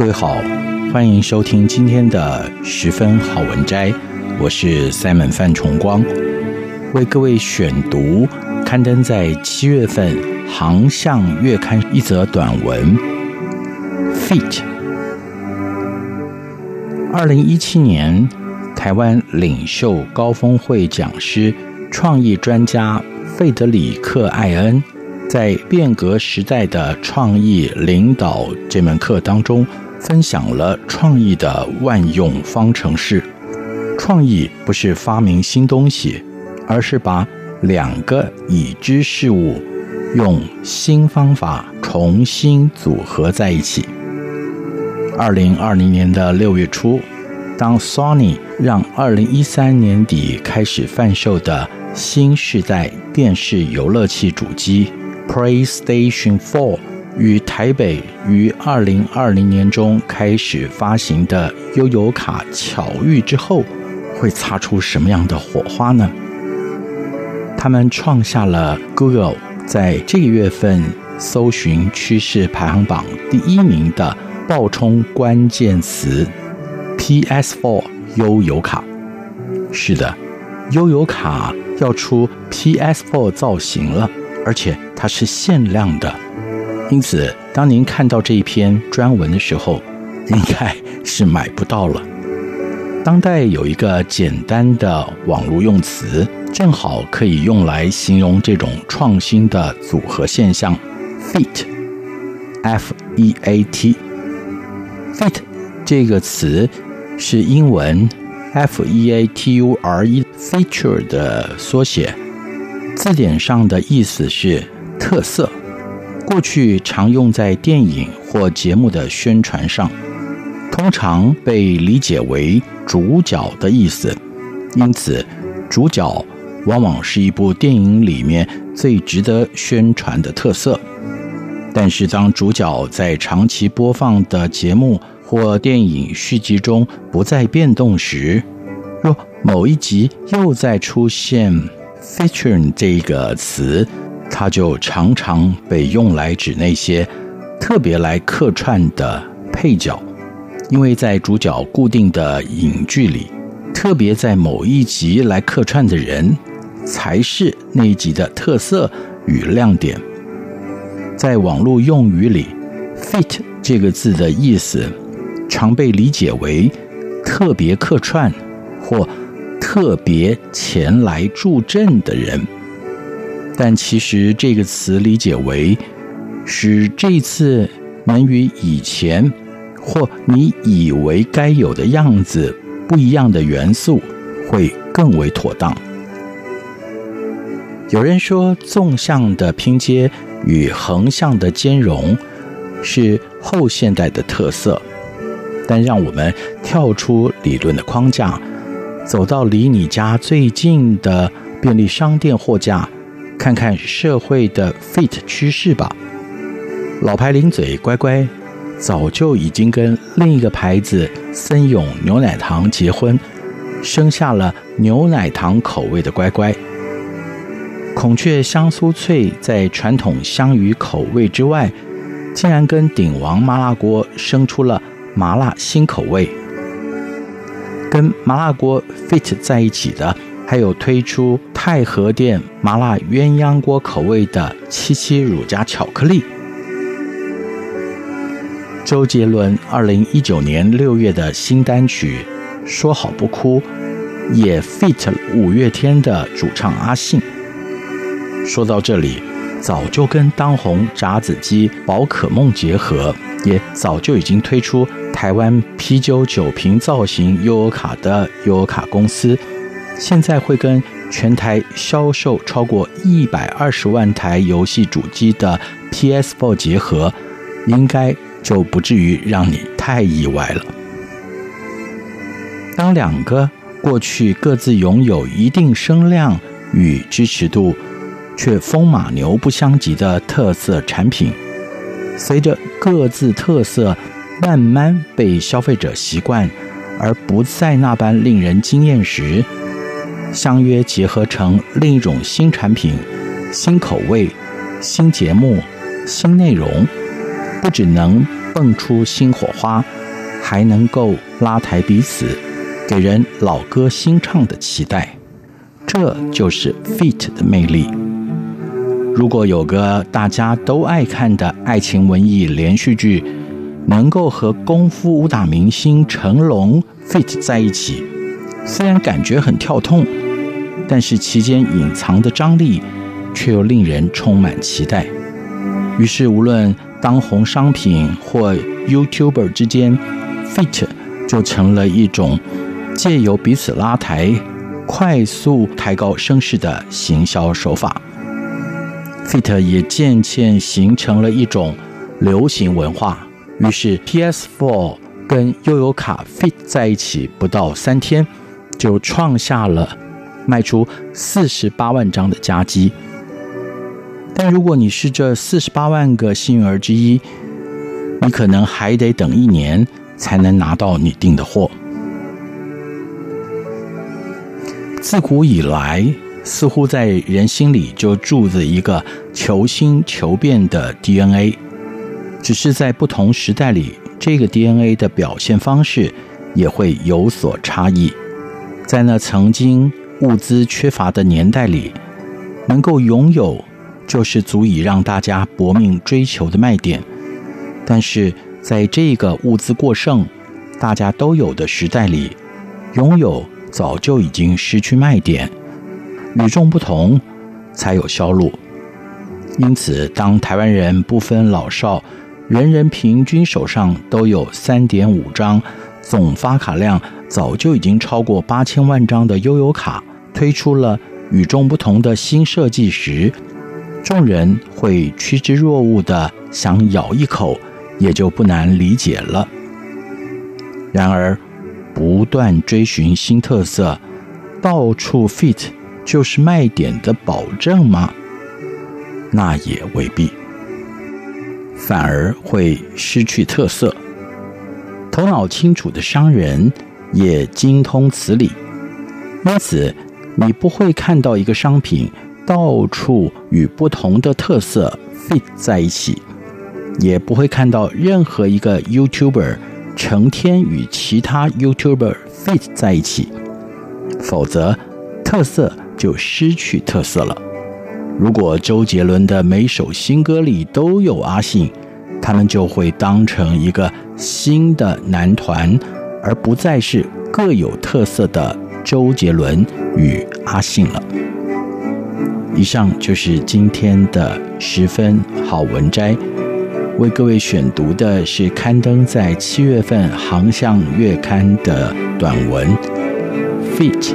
各位好，歡迎收聽今天的十分好文摘。我是 Simon 范崇光，為各位選讀刊登在七月份《航向月刊》一則短文《feat.》2017年。二零一七年台灣領袖高峰會講師、創意專家費德里克·艾恩在《變革時代的創意領導》這門課當中。分享了創意的萬用方程式。創意不是發明新東西，而是把兩個已知事物用新方法重新組合在一起。二零二零年的六月初，當 Sony 讓二零一三年底開始販售的新世代電視遊樂器主機 PlayStation 4。與台北於二零二零年中開始發行的悠遊卡巧遇之後會擦出什麼樣的火花呢？他們創下了 Google 在這個月份搜尋趨勢排行榜第一名的爆衝關鍵詞：PS4 悠遊卡。是的，悠遊卡要出 PS4 造型了，而且它是限量的。因此，當您看到這一篇專文的時候，應該是買不到了。當代有一個簡單的網絡用詞，正好可以用來形容這種創新的組合現象 feat，f-e-a-t，feat 這個詞是英文，f-e-a-t-u-r-e，feature 的縮寫，字典上的意思是特色。過去常用在電影或節目的宣傳上，通常被理解為主角的意思。因此，主角往往是一部電影裡面最值得宣傳的特色。但是，當主角在長期播放的節目或電影續集中不再變動時，若、哦、某一集又再出現 “featuring” 這個詞。它就常常被用來指那些特別來客串的配角，因為在主角固定的影劇裡，特別在某一集來客串的人，才是那一集的特色與亮點。在網絡用語裡，“feat.” 這個字的意思，常被理解為特別客串或特別前來助陣的人。但其實這個詞理解為，使這次能與以前或你以為該有的樣子不一樣的元素會更為妥當。有人說，縱向的拼接與橫向的兼容是後現代的特色，但讓我們跳出理論的框架，走到離你家最近的便利商店貨架。看看社會的 feat. 趨勢吧，老牌零嘴乖乖早就已經跟另一個牌子森永牛奶糖結婚，生下了牛奶糖口味的乖乖。孔雀香酥脆在傳統香芋口味之外，竟然跟鼎王麻辣鍋生出了麻辣新口味，跟麻辣鍋 feat. 在一起的。還有推出太和殿麻辣鴛鴦鍋口味的七七乳加巧克力，周杰倫二零一九年六月的新單曲《說好不哭》也 feat. 五月天的主唱阿信。說到這裡，早就跟當紅炸子雞寶可夢結合，也早就已經推出台灣啤酒酒瓶造型悠遊卡的悠遊卡公司。現在會跟全台銷售超過一百二十萬台遊戲主機的 PS4 結合，應該就不至於讓你太意外了。當兩個過去各自擁有一定聲量與支持度，卻風馬牛不相及的特色產品，隨着各自特色慢慢被消費者習慣，而不再那般令人驚艷時，相約結合成另一種新產品、新口味、新節目、新內容，不只能蹦出新火花，還能夠拉抬彼此，給人老歌新唱的期待。這就是 feat. 的魅力。如果有個大家都愛看的愛情文藝連續劇，能夠和功夫武打明星成龍 feat. 在一起。雖然感覺很跳痛，但是其間隱藏的張力卻又令人充滿期待。於是，無論當紅商品或 YouTuber 之間 ，feat. 就成了一種借由彼此拉抬、快速抬高聲勢的行銷手法。 feat. 也漸漸形成了一種流行文化。於是，PS4 跟悠遊卡 feat. 在一起不到三天。就創下了賣出四十八萬張的佳績，但如果你是這四十八萬個幸運兒之一，你可能還得等一年才能拿到你訂的貨。自古以來，似乎在人心裡就住着一個求新求變的 DNA，只是在不同時代裡，這個 DNA 的表現方式也會有所差異。在那曾經物資缺乏的年代裡，能夠擁有就是足以讓大家搏命追求的賣點。但是在這個物資過剩、大家都有的時代裡，擁有早就已經失去賣點，與眾不同才有銷路。因此，當台灣人不分老少，人人平均手上都有三點五張、總發卡量早就已經超過八千萬張的悠遊卡，推出了與眾不同的新設計時，眾人會趨之若鶩地想咬一口，也就不難理解了。然而，不斷追尋新特色，到處 feat. 就是賣點的保證嗎？那也未必，反而會失去特色。頭腦清楚的商人也精通此理，因此你不會看到一個商品，到處與不同的特色 feat. 在一起，也不會看到任何一個 YouTuber 成天與其他 YouTuber feat. 在一起，否則特色就失去特色了。如果周杰倫的每首新歌裡都有阿信，他們就會當成一個新的男團，而不再是各有特色的周杰倫與阿信了。以上就是今天的十分好文摘，為各位選讀的是刊登在七月份《航向月刊》的短文《feat.》。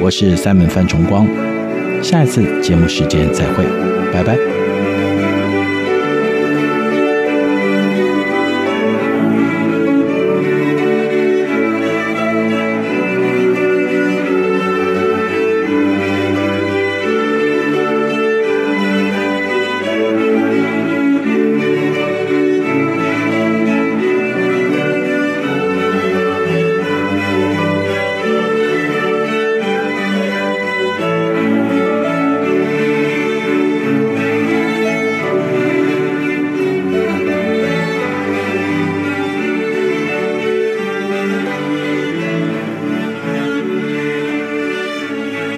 我是 Simon 范崇光，下一次節目時間再會，拜拜。